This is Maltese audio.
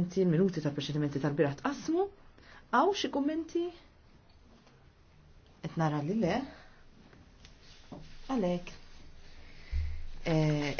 Inti l-minuti tal-proċedimenti tal birat qasmu, Għaw xi kummenti? Qed nara li le. Għalek. Eh,